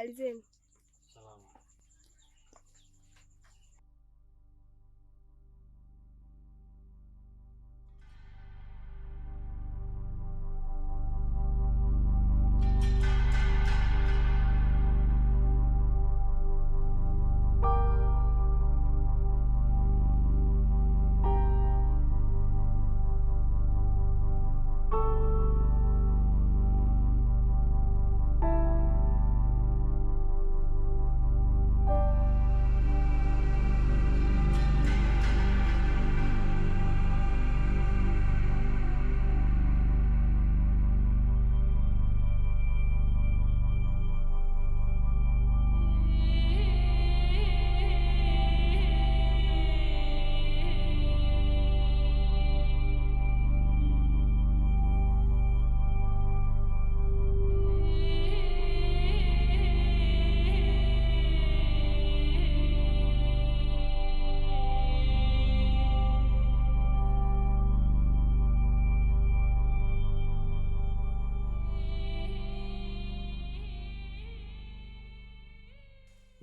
habari zenu?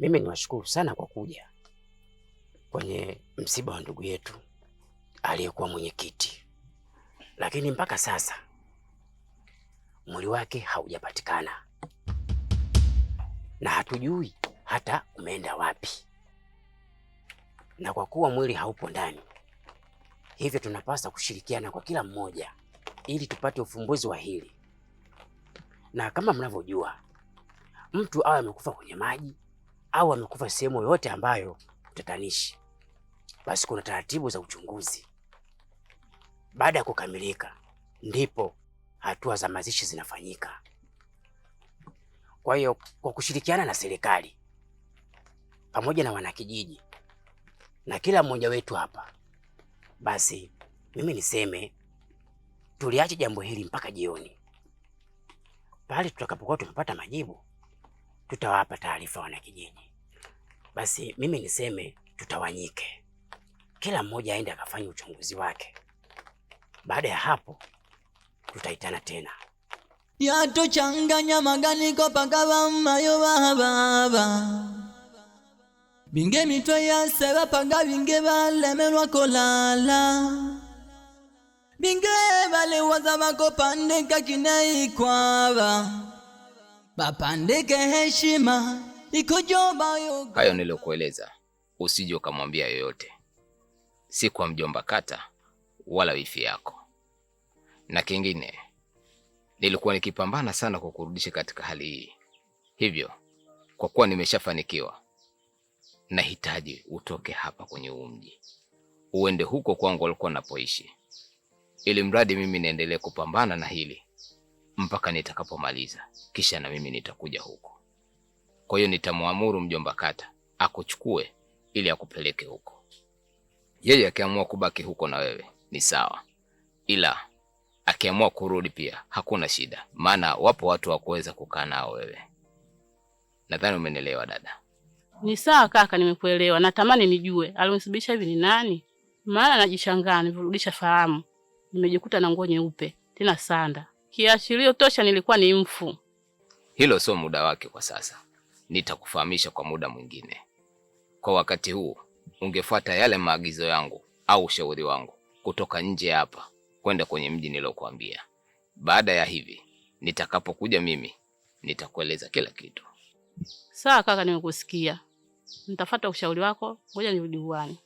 Mimi niwashukuru sana kwa kuja kwenye msiba wa ndugu yetu aliyekuwa mwenyekiti, lakini mpaka sasa mwili wake haujapatikana na hatujui hata umeenda wapi, na kwa kuwa mwili haupo ndani, hivyo tunapaswa kushirikiana kwa kila mmoja ili tupate ufumbuzi wa hili. Na kama mnavyojua, mtu awe amekufa kwenye maji au amekufa sehemu yoyote ambayo utatanishi, basi kuna taratibu za uchunguzi. Baada ya kukamilika, ndipo hatua za mazishi zinafanyika. Kwa hiyo kwa kushirikiana na serikali pamoja na wanakijiji na kila mmoja wetu hapa, basi mimi niseme tuliache jambo hili mpaka jioni, pale tutakapokuwa tumepata majibu tutawapa taarifa wanakijiji. Basi mimi niseme tutawanyike, kila mmoja aende akafanya uchunguzi wake. Baada ya hapo tutaitana tena. yatochanganya maganiko pagaba mayo bababa binge mitwe yase panga binge balemelwa kolala binge balewaza bakopandeka kinaikwaba bapandike heshima ikojoba yoga. Hayo nilokueleza usije ukamwambia yoyote, si kwa mjomba kata wala wifi yako. Na kingine nilikuwa nikipambana sana kwa kurudisha katika hali hii, hivyo kwa kuwa nimeshafanikiwa, nahitaji utoke hapa kwenye huu mji uende huko kwangu walikuwa napoishi, ili mradi mimi niendelee kupambana na hili mpaka nitakapomaliza, kisha na mimi nitakuja huko. Kwa hiyo nitamwamuru mjomba kata akuchukue ili akupeleke huko. Yeye akiamua kubaki huko na wewe ni sawa, ila akiamua kurudi pia hakuna shida, maana wapo watu wa kuweza kukaa nao wewe. Nadhani umenielewa dada. Ni sawa kaka, nimekuelewa. Natamani nijue alimsababisha hivi ni nani, maana najishangaa nivurudisha fahamu, nimejikuta na nguo nyeupe tena sanda Kiashirio tosha nilikuwa ni mfu. Hilo sio muda wake kwa sasa, nitakufahamisha kwa muda mwingine. Kwa wakati huu ungefuata yale maagizo yangu au ushauri wangu kutoka nje hapa kwenda kwenye mji nilokuambia. Baada ya hivi nitakapokuja mimi nitakueleza kila kitu. Sawa kaka, nimekusikia. Nitafuata ushauri wako, ngoja nirudi huani.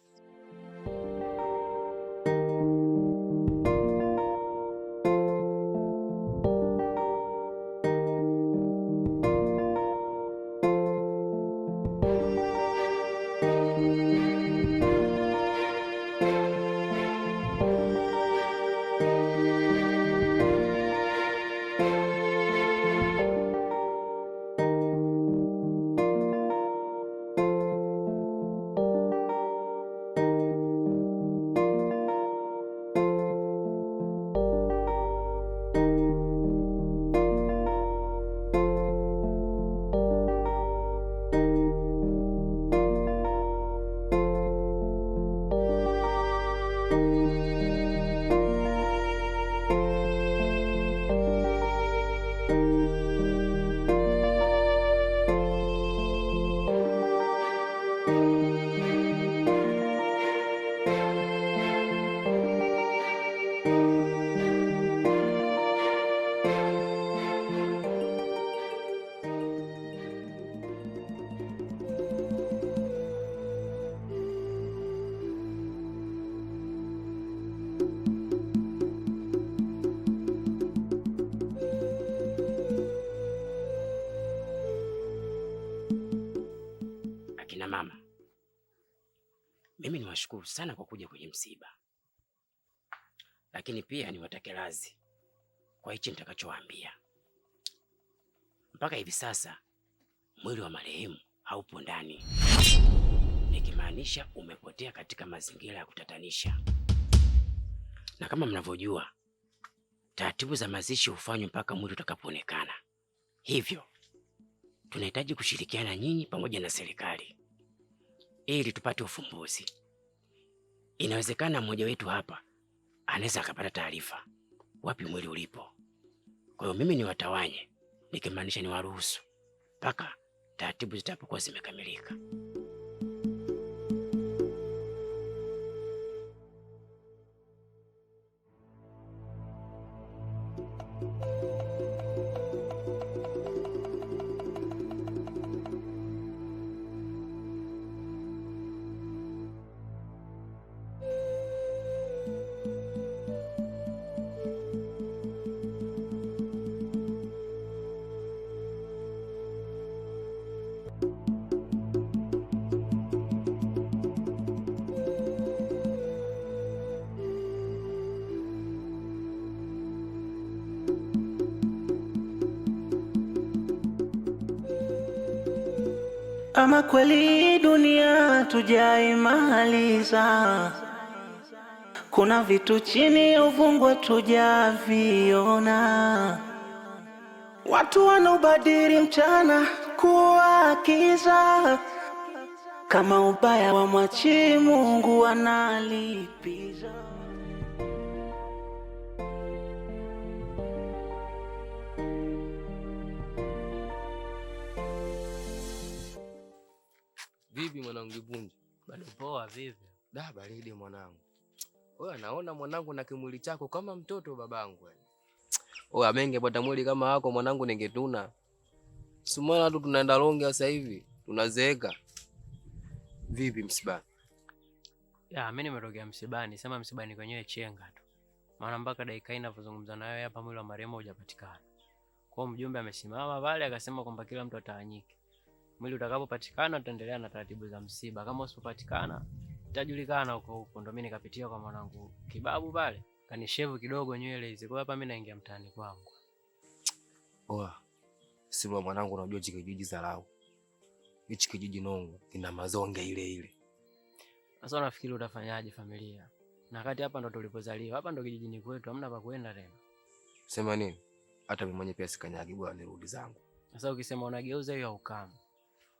niwashukuru sana kwa kuja kwenye msiba, lakini pia niwatake radhi kwa hichi nitakachowaambia. Mpaka hivi sasa mwili wa marehemu haupo ndani, nikimaanisha umepotea katika mazingira ya kutatanisha. Na kama mnavyojua, taratibu za mazishi hufanywa mpaka mwili utakapoonekana, hivyo tunahitaji kushirikiana nyinyi pamoja na serikali ili tupate ufumbuzi inawezekana mmoja wetu hapa anaweza akapata taarifa wapi mwili ulipo. Kwa hiyo mimi niwatawanye, nikimaanisha niwaruhusu mpaka taratibu zitapokuwa zimekamilika. Ama kweli dunia tujaimaliza, kuna vitu chini uvungwa tujaviona. Watu wanaubadili mchana kuwa kiza, kama ubaya wa mwachi Mungu wanalipi Vipi mwanangu Kibunju, bado poa vipi? Da, baridi mwanangu. Wewe anaona mwanangu na kimwili chako kama mtoto babangu. Wewe amenge pata mwili kama wako mwanangu, ningetuna sumana tu, tunaenda longe sasa hivi tunazeeka. Vipi msibani? Ya, mimi nimetokea msibani, sema msibani kwenyewe chenga tu, maana mpaka dakika hii ninavyozungumza nayo hapa mwili wa marehemu hujapatikana. Kwa mjumbe amesimama pale akasema kwamba kila mtu atawanyike Mwili utakapopatikana tutaendelea na taratibu za msiba, kama usipopatikana itajulikana huko huko. Ndo mimi nikapitia kwa mwanangu Kibabu pale, kanishevu kidogo nywele hizi. Kwa hapa mimi naingia mtaani kwangu. Oa. Sima mwanangu, unajua hichi kijiji dharau. Hichi kijiji nongo ina mazonge ile ile. Sasa unafikiri utafanyaje familia? Na kati hapa ndo tulipozaliwa. Hapa ndo kijijini kwetu, hamna pa kwenda tena. Sema nini? Hata mimi mwenyewe pia sikanyagi bwana, nirudi zangu. Sasa ukisema unageuza hiyo ukame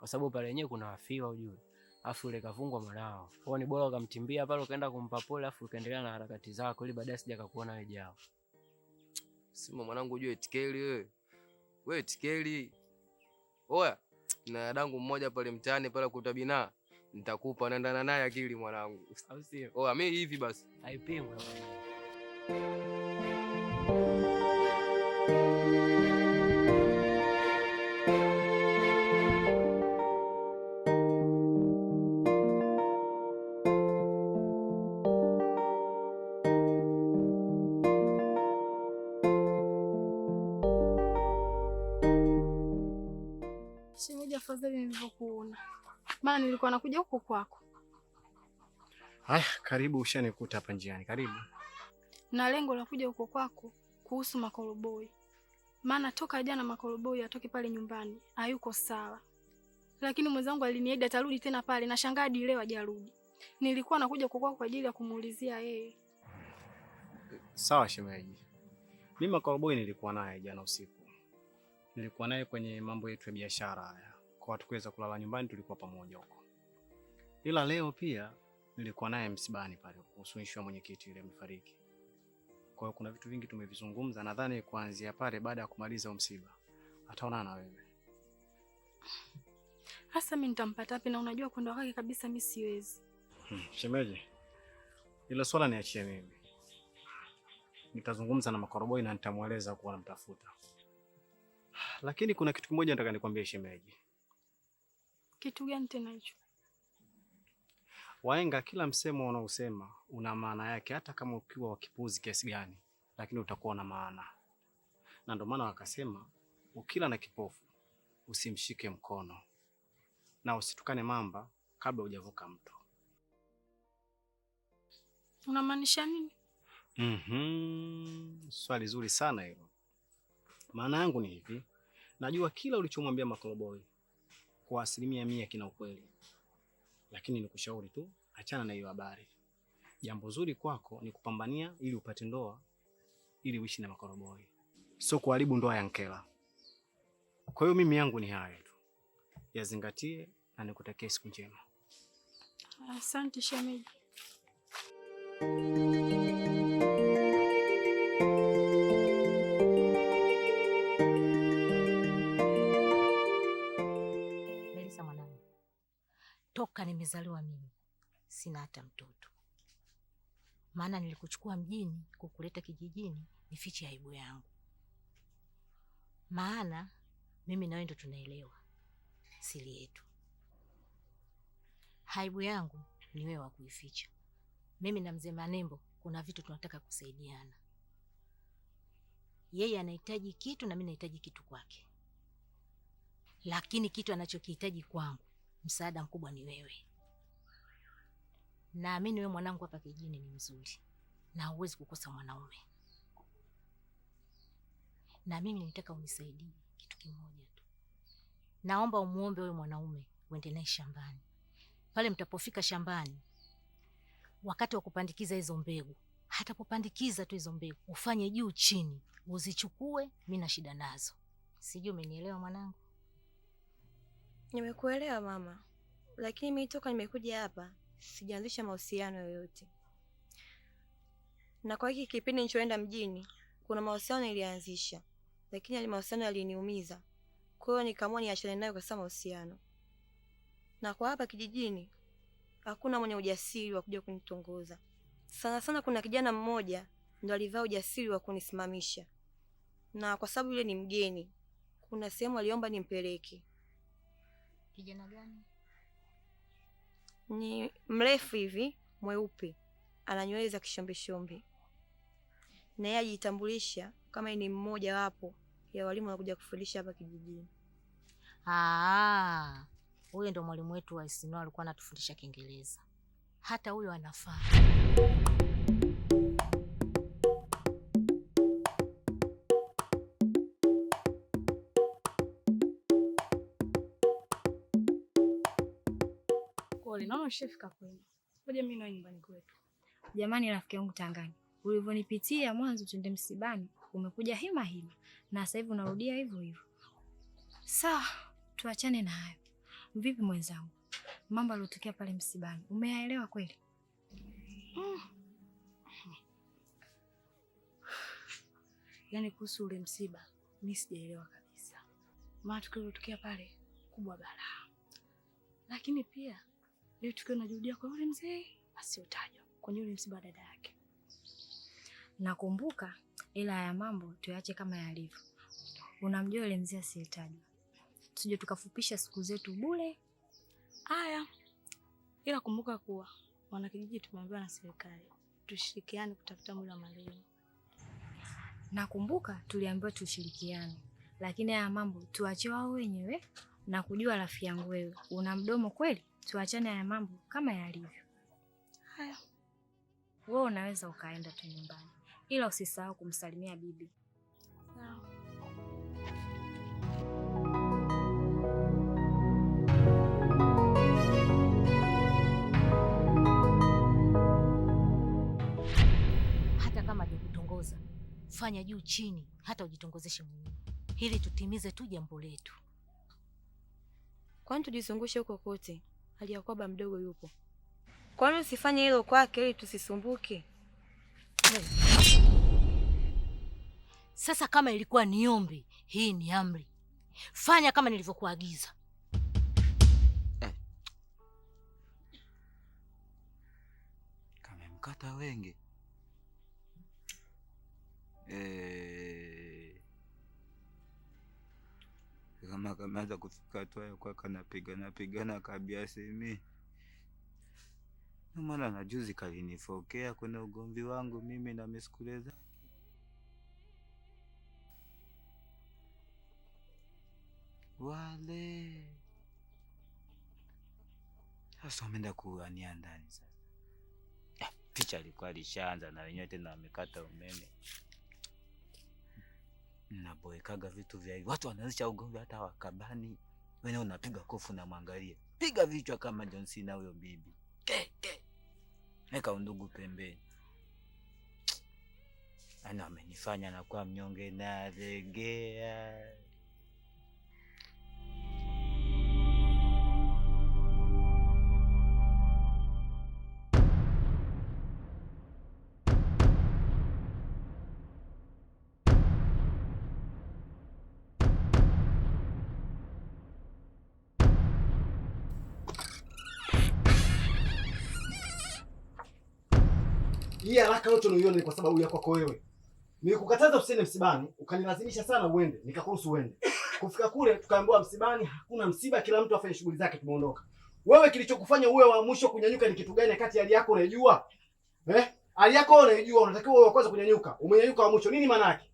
kwa sababu pale yenyewe kuna wafiwa ujue, afu ile kafungwa malao kwao, ni bora ukamtimbia pale ukaenda kumpa pole, afu ukaendelea na harakati zako, ili baadaye sija kakuona wewe jao. Sima mwanangu, ujue tikeli wewe, wewe tikeli. Oya, na dadangu mmoja pale mtaani pale kutabina, nitakupa naendana naye akili mwanangu, sio? Oya, mimi hivi basi haipimwi afadhali nilivyokuona, maana nilikuwa nakuja huko kwako. Haya, karibu. Ushanikuta hapa njiani, karibu. Na lengo la kuja huko kwako kuhusu makoroboi, maana toka jana makoroboi atoke pale nyumbani, hayuko sawa. Lakini mwenzangu aliniahidi atarudi tena pale, na shangaa hadi leo hajarudi. Nilikuwa nakuja huko kwako kwa ajili ya kumuulizia yeye. Sawa shemeji, mimi makoroboi nilikuwa naye jana usiku, nilikuwa naye kwenye mambo yetu ya biashara haya kwa hatukuweza kulala nyumbani, tulikuwa pamoja huko. Ila leo pia nilikuwa naye msibani pale kuhusu ishu mwenyekiti yule amefariki. Kwa hiyo kuna vitu vingi tumevizungumza, nadhani kuanzia pale, baada ya kumaliza msiba ataonana na wewe. Hasa mimi nitampata wapi? Na unajua kwenda kwake kabisa mimi siwezi. Hmm, shemeji, ila swala niachie mimi, nitazungumza na makoroboi na nitamweleza kuwa namtafuta, lakini kuna kitu kimoja nataka nikwambie shemeji. Kitu gani tena hicho? Waenga, kila msemo unaosema una maana yake, hata kama ukiwa wakipuzi kiasi gani, lakini utakuwa na maana. Na ndio maana wakasema ukila na kipofu usimshike mkono na usitukane mamba kabla hujavuka mto. Unamaanisha nini? Mm-hmm. Swali zuri sana hilo. Maana yangu ni hivi, najua kila ulichomwambia Makoroboi kwa asilimia mia kina ukweli, lakini nikushauri tu achana na hiyo habari. Jambo zuri kwako ni kupambania ili upate ndoa, ili uishi na makoroboi, sio kuharibu ndoa ya Nkela. Kwa hiyo mimi yangu ni hayo tu, yazingatie na nikutakie siku njema. Asante shemeji. toka nimezaliwa mimi sina hata mtoto, maana nilikuchukua mjini kukuleta kijijini nifiche aibu yangu, maana mimi nawe ndo tunaelewa siri yetu. Aibu yangu ni wewe wa kuificha. Mimi na mzee Manembo kuna vitu tunataka kusaidiana. Yeye anahitaji kitu na mimi nahitaji kitu kwake, lakini kitu anachokihitaji kwangu msaada mkubwa ni wewe. Naamini wewe mwanangu hapa kijini ni mzuri na huwezi kukosa mwanaume, na mimi nitaka unisaidie kitu kimoja tu. Naomba umuombe wewe mwanaume uende naye shambani. Pale mtapofika shambani, wakati wa kupandikiza hizo mbegu, hatapopandikiza tu hizo mbegu, ufanye juu chini, uzichukue. Mimi na shida nazo, sijui umenielewa mwanangu? Nimekuelewa mama, lakini mimi toka nimekuja hapa sijaanzisha mahusiano yoyote, na kwa hiki kipindi nilichoenda mjini kuna mahusiano nilianzisha, lakini yale mahusiano yaliniumiza, kwa hiyo nikaamua niachane nayo kwa sasa mahusiano. Na kwa hapa kijijini hakuna mwenye ujasiri wa kuja kunitongoza. Sana sana kuna kijana mmoja ndo alivaa ujasiri wa kunisimamisha, na kwa sababu yule ni mgeni, kuna sehemu aliomba nimpeleke Kijana gani? Ni mrefu hivi mweupe, ana nywele za kishombeshombe, na yeye ajitambulisha kama ni mmoja wapo ya walimu wanakuja kufundisha hapa kijijini. Ah, huyo ndo mwalimu wetu wa Isinoa, alikuwa anatufundisha Kiingereza. Hata huyo anafaa. naona chef kakwenda. Ngoja mimi na nyumbani kwetu. Jamani, rafiki yangu Tangani, ulivyonipitia mwanzo twende msibani, umekuja hima hima na sasa hivi unarudia hivyo hivyo. Sawa, tuachane na hayo. Vipi mwenzangu, mambo yaliyotokea pale msibani umeyaelewa kweli? Mm. Yaani kuhusu ule msiba mimi sijaelewa kabisa, maana tukio pale kubwa balaa, lakini pia Leo yaani tukiwa najirudia kwa yule mzee asiyotajwa kwenye yule msiba wa dada yake. Nakumbuka, ila ya mambo tuyaache kama yalivyo. Unamjua yule mzee asiyetajwa, tusije tukafupisha siku zetu bure. Haya, ila kumbuka kuwa wanakijiji tumeambiwa na serikali tushirikiane kutafuta mwili wa marehemu. Nakumbuka tuliambiwa tushirikiane, lakini haya mambo tuache wao wenyewe. Na kujua rafiki yangu, wewe una mdomo kweli? tuachane na mambo kama yalivyo. Haya, wewe unaweza ukaenda tu nyumbani, ila usisahau kumsalimia bibi. Sawa. Hata kama hajakutongoza fanya juu chini, hata ujitongozeshe mwenyewe, ili tutimize tu jambo letu. Kwani tujizungushe huko kote aliyakuwa baba mdogo yupo. Kwa nini usifanye hilo kwake ili tusisumbuke? Sasa kama ilikuwa ni ombi, hii ni amri. Fanya kama nilivyokuagiza. Kamemkata wenge. Eh. kama kameanza kufika tu ya kuwa kanapigana pigana kabiasimi namana na juzi kalinifokea kuna ugomvi wangu mimi na miskuleza wale sasa wameenda kuania ndani sasa. Picha alikuwa alishaanza na wenyewe tena wamekata umeme naboekaga vitu vya hivi. Watu wanaanzisha ugomvi hata wakabani, wewe unapiga kofu na mwangalie piga vichwa kama John Cena huyo bibi. Ke ke, weka undugu pembeni. Ana amenifanya nakuwa mnyonge na regea Hii haraka yote unaiona ni kwa sababu ya kwako wewe. Nilikukataza usiende msibani, ukanilazimisha sana uende, nikakuruhusu uende. Kufika kule tukaambiwa msibani hakuna msiba, kila mtu afanye shughuli zake, tumeondoka. Wewe kilichokufanya uwe wa mwisho kunyanyuka ni kitu gani kati ya hali yako unaijua? Eh? Hali yako unaijua, unatakiwa wewe wa kwanza kunyanyuka. Umenyanyuka wa mwisho. Nini maana yake?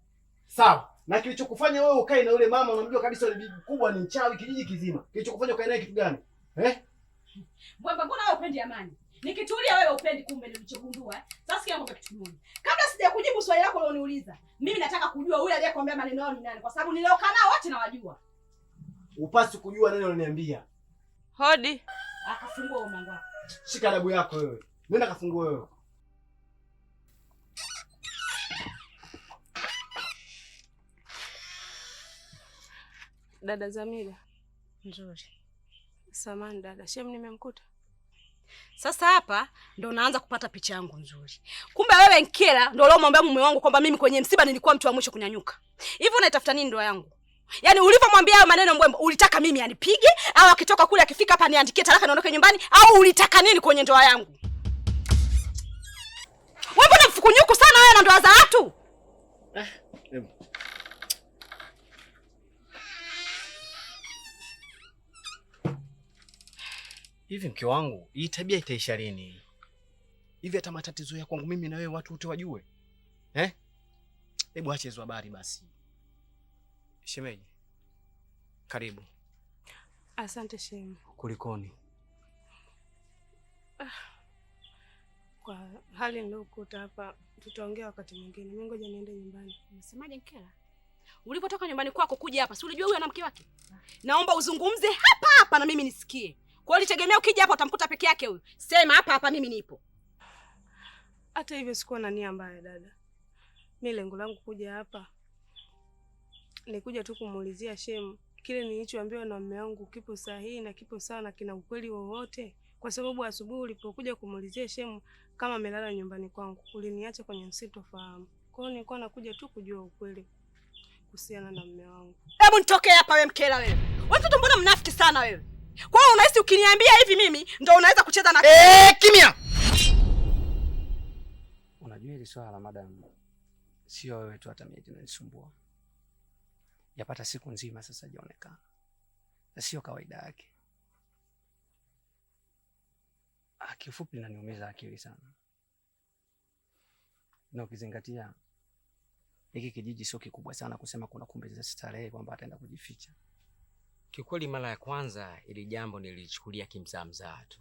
Sawa. Na kilichokufanya wewe ukae na yule mama unamjua kabisa ni bibi kubwa, ni mchawi kijiji kizima. Kilichokufanya ukae naye kitu gani? Eh? Bwana, mbona wewe upendi amani? Nikitulia wewe upendi, kumbe nilichogundua. Eh. Sasa sikia ngoja kitu kimoja. Kabla sijakujibu swali lako ulioniuliza, mimi nataka kujua yule aliyekuambia maneno yao ni nani kwa sababu niliokaa nao wote nawajua. Upasi kujua nani aliniambia. Hodi. Akafungua mlango wako. Shika adabu yako wewe. Nenda kafungua wewe. Dada Zamira. Nzuri. Samani dada, shem nimemkuta. Sasa hapa ndo naanza kupata picha yangu nzuri. Kumbe wewe Nkela ndo uliomwambia mume wangu kwamba mimi kwenye msiba nilikuwa mtu wa mwisho kunyanyuka. Hivi unaitafuta nini ndoa yangu? Yaani ulivyomwambia hayo maneno mbwembo, ulitaka mimi anipige au akitoka kule akifika hapa niandikie taraka niondoke nyumbani au ulitaka nini kwenye ndoa yangu? Wewe mbona mfukunyuku sana wewe na ndoa za watu? Ah, Hivi mke wangu, hii tabia itaisha lini? Hivi hata matatizo ya kwangu mimi na wewe watu wote wajue eh? Hebu acha hizo habari basi. Shemeji, karibu. Asante shem. Kulikoni? Ah, kwa hali niliokuta hapa tutaongea wakati mwingine. Mimi ngoja niende nyumbani. Unasemaje Nkela? Ulipotoka nyumbani kwako kuja hapa, si ulijua huyu ana mke wake? Ah. Naomba uzungumze hapa hapa na mimi nisikie. Kwa ulitegemea ukija hapa utamkuta peke yake huyu? Sema hapa hapa mimi nipo. Hata hivyo sikuwa na nia mbaya dada. Mimi lengo langu kuja hapa ni kuja tu kumuulizia Shemu kile nilichoambiwa na mume wangu kipo sahihi na kipo sawa na kina ukweli wowote, kwa sababu asubuhi ulipokuja kumuulizia Shemu kama amelala nyumbani kwangu uliniacha kwenye msitofahamu. Kwa hiyo nilikuwa nakuja tu kujua ukweli kuhusiana na mume wangu. Hebu nitokee hapa we mkela wewe! Wewe mtoto, mbona mnafiki sana wewe? Kwa hiyo unahisi ukiniambia hivi mimi ndo unaweza kucheza na eh? Kimya! Unajua hili swala la madam, sio wewe tu, hata mimi linanisumbua, yapata siku nzima sasa jionekana na sio kawaida yake. Ah, Kiufupi linaniumiza akili sana, na ukizingatia hiki kijiji sio kikubwa sana kusema kuna kumbi za starehe kwamba ataenda kujificha Kiukweli, mara ya kwanza ili jambo nilichukulia kimzaamzaa tu,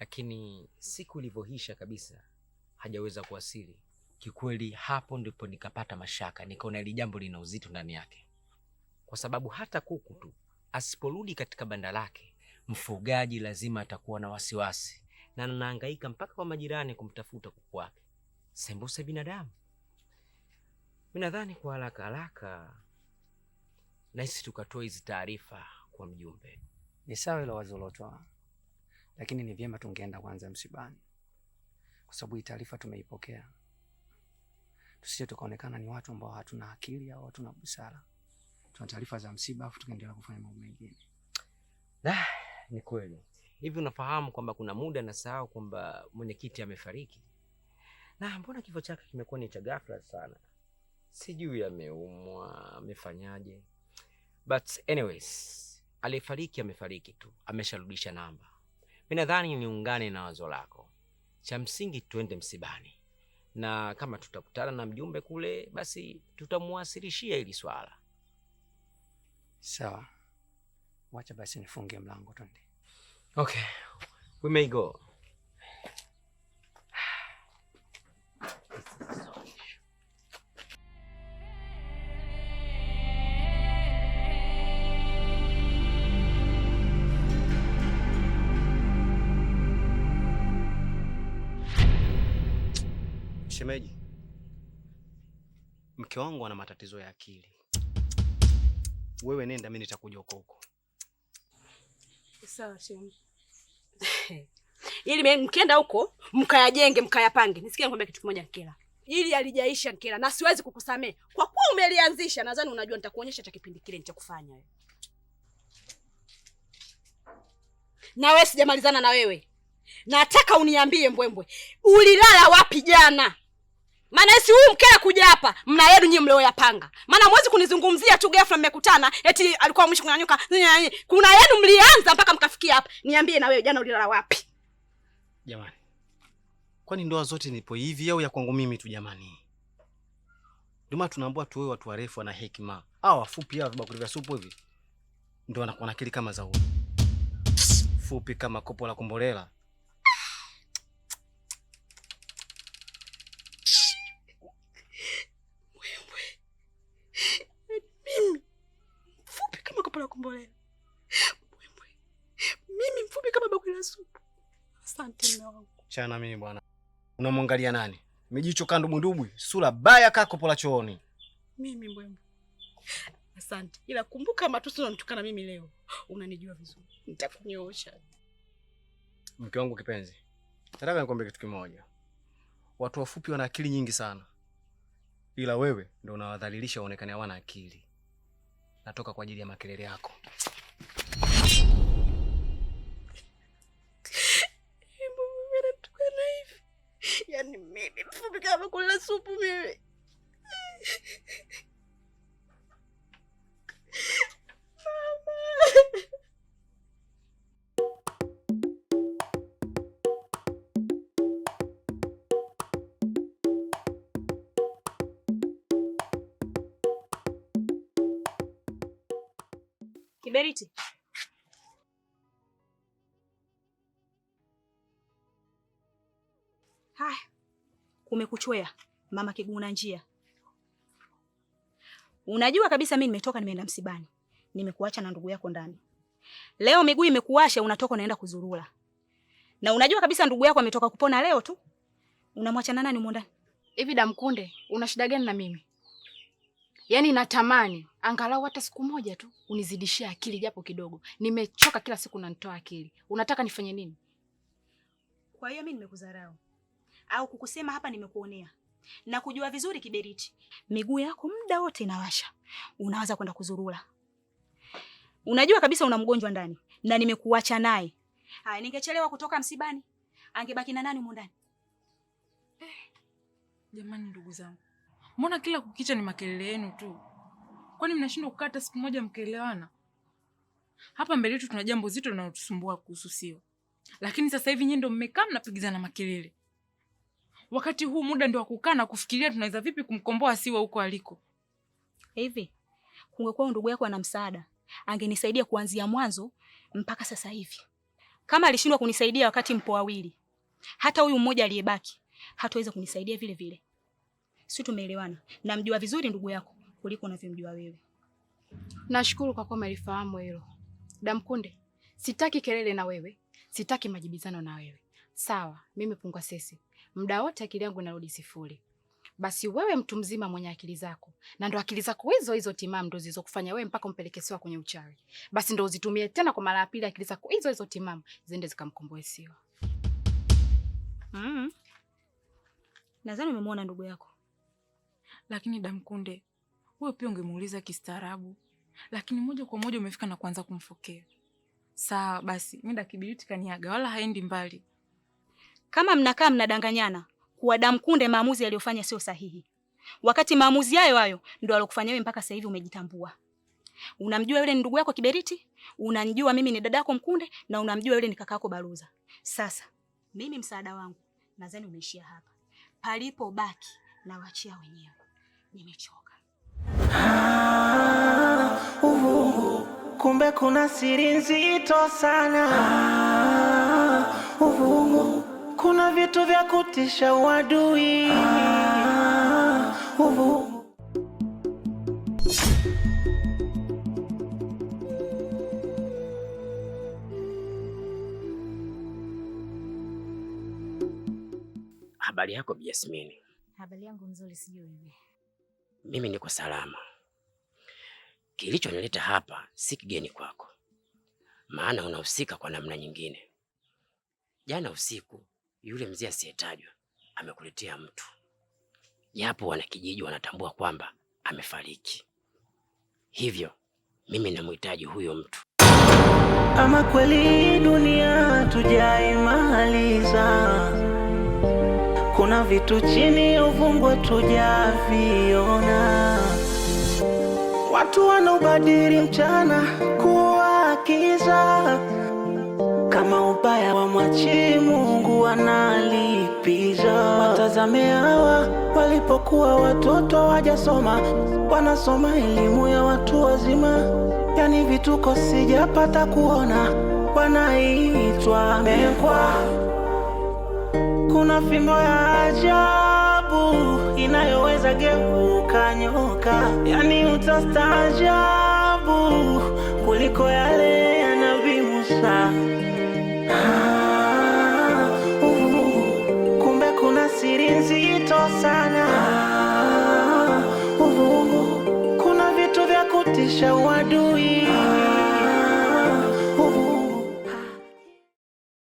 lakini siku ilivyoisha kabisa hajaweza kuwasili. Kikweli hapo ndipo nikapata mashaka, nikaona ili jambo lina uzito ndani yake, kwa sababu hata kuku tu asiporudi katika banda lake, mfugaji lazima atakuwa na wasiwasi na anahangaika mpaka kwa majirani kumtafuta kuku wake. Sembuse binadamu, mi nadhani kwa haraka haraka nahisi tukatoa hizi taarifa kwa mjumbe. Ni sawa hilo wazo lotoa, ah. lakini ni vyema tungeenda kwanza msibani, kwa sababu hii taarifa tumeipokea, tusije tukaonekana ni watu ambao hatuna akili au hatuna busara. Tuna taarifa za msiba afu tukaendelea kufanya mambo mengine. Nah, ni kweli hivi. Unafahamu kwamba kuna muda nasahau kwamba mwenyekiti amefariki, na mbona kifo chake kimekuwa ni cha ghafla sana. Sijui ameumwa amefanyaje, but anyways aliyefariki amefariki tu, amesharudisha namba. Mi nadhani niungane na wazo lako, cha msingi tuende msibani, na kama tutakutana na mjumbe kule, basi tutamuwasilishia hili swala. Sawa, wacha basi nifungie mlango, twende. Okay, we may go. Shemeji, mke wangu ana matatizo ya akili. Wewe nenda, mimi nitakuja huko huko. Sawa shemeji. Ili mkienda huko mkayajenge, mkayapange. Nisikia nikwambia kitu kimoja, Nkela. Ili alijaisha Nkela, na siwezi kukusamea kwa kuwa umelianzisha. Nadhani unajua nitakuonyesha cha kipindi kile nichakufanya wewe. Na wewe sijamalizana na wewe, nataka uniambie mbwembwe, ulilala wapi jana? Maana si huyu mkela kuja hapa mna yenu nyinyi mlioyapanga. Maana mwezi kunizungumzia tu ghafla mmekutana eti alikuwa mwisho kunyanyuka. Kuna yenu mlianza mpaka mkafikia hapa. Niambie na wewe jana ulilala wapi? Jamani. Kwani ndoa zote nipo hivi au ya kwangu mimi tu jamani? Ndio tunaambua tunaambiwa tuwe watu warefu na hekima. Hao wafupi hao vibakuli vya supu hivi. Ndio wanakuwa na akili kama za huyu. Fupi kama kopo la kombolela. hapo la Komboleni. Mwewe. Mimi mfupi kama bakuli la supu. Asante mume wangu. Chana mimi bwana. Unamwangalia nani? Mijicho kandu mundubwi, sura baya kako pola chooni. Mimi mbwembwe. Asante. Ila kumbuka matusi unanitukana mimi leo. Unanijua vizuri. Nitakunyoosha. Mke wangu kipenzi. Nataka nikwambie kitu kimoja. Watu wafupi wana akili nyingi sana. Ila wewe ndio unawadhalilisha uonekane hawana akili natoka kwa ajili ya makelele yako. Yaani mimi kama kula supu mimi Kiberiti. Haya, kumekuchwea mama kiguna njia. Unajua kabisa mimi nimetoka nimeenda msibani, nimekuacha na ndugu yako ndani. Leo miguu imekuwasha, unatoka unaenda kuzurula, na unajua kabisa ndugu yako ametoka kupona leo tu, unamwacha na nani humo ndani? Hivi Damkunde, una shida gani na mimi? Yaani natamani angalau hata siku moja tu unizidishie akili japo kidogo. Nimechoka kila siku nanitoa akili. Unataka nifanye nini? Kwa hiyo mimi nimekudharau au kukusema hapa nimekuonea na kujua vizuri kiberiti, miguu yako muda wote inawasha, Unaweza kwenda kuzurula. Unajua kabisa una mgonjwa ndani na nimekuacha naye. Haya, ningechelewa kutoka msibani, angebaki na nani humo ndani? Eh, jamani, ndugu zangu Mbona kila kukicha ni makelele yenu tu? Kwani mnashindwa kukaa hata siku moja mkielewana? Hapa mbele yetu tuna jambo zito linalotusumbua kuhusu Sio, lakini sasa hivi nyinyi ndio mmekaa mnapigizana makelele, wakati huu muda ndio wa kukaa na kufikiria tunaweza vipi kumkomboa Siwa huko aliko. Hivi kungekuwa ndugu yako ana msaada, angenisaidia kuanzia mwanzo mpaka sasa hivi. Kama alishindwa kunisaidia wakati mpo wawili, hata huyu mmoja aliyebaki hataweza kunisaidia vile vile si tumeelewana? Namjua vizuri ndugu yako kuliko unavyomjua wewe. Nashukuru kwa kuwa umelifahamu hilo. Damkunde, sitaki kelele na wewe, sitaki majibizano na wewe. Sawa, mimi pungwa sesi, muda wote akili yangu inarudi sifuri. Basi wewe mtu mzima mwenye akili zako, na ndo akili zako hizo hizo timamu ndo zilizokufanya wewe mpaka umpelekesewa kwenye uchawi. Basi ndo uzitumie tena kwa mara ya pili, akili zako hizo hizo timamu ziende zikamkomboe Siwa. Mm. Mm-hmm. Nadhani umemwona ndugu yako lakini Damkunde, wewe pia ungemuuliza kistaarabu, lakini moja kwa moja umefika na kuanza kumfokea. Sawa basi, nenda kibiriti kaniaga, wala haendi mbali. Kama mnakaa mnadanganyana kuwa Damkunde maamuzi aliyofanya sio sahihi, wakati maamuzi hayo hayo ndo alokufanya wewe mpaka sasa hivi umejitambua. Unamjua yule ni ndugu yako Kiberiti, unanijua mimi ni dada yako Mkunde, na unamjua yule ni kaka yako Baruza. Sasa mimi msaada wangu nadhani umeishia hapa, palipo palipobaki nawachia wenyewe nimechoka. Ah, kumbe kuna siri nzito sana. Ah, kuna vitu vya kutisha uadui. Ah, Habari yako Bi Yasmini? Habari yangu nzuri, sijui wewe mimi niko salama. Kilichonileta hapa si kigeni kwako, maana unahusika kwa namna nyingine. Jana usiku yule mzee asiyetajwa amekuletea mtu, japo wanakijiji wanatambua kwamba amefariki, hivyo mimi namhitaji huyo mtu. Ama kweli dunia tujaimaliza, kuna vitu chini uvungwa tujaviona. Watu wanaubadili mchana kuwa kiza, kama ubaya wa mwachi Mungu wanalipiza Watazame hawa walipokuwa watoto wajasoma, wanasoma elimu ya watu wazima, yani vituko sijapata kuona, wanaitwa mekwa. Kuna fimbo ya ajabu inayoweza geuka nyoka, yani utastaajabu kuliko yale ya Ah, uh, kumbe kuna siri nzito sana. Ah, uh, kuna vitu vya kutisha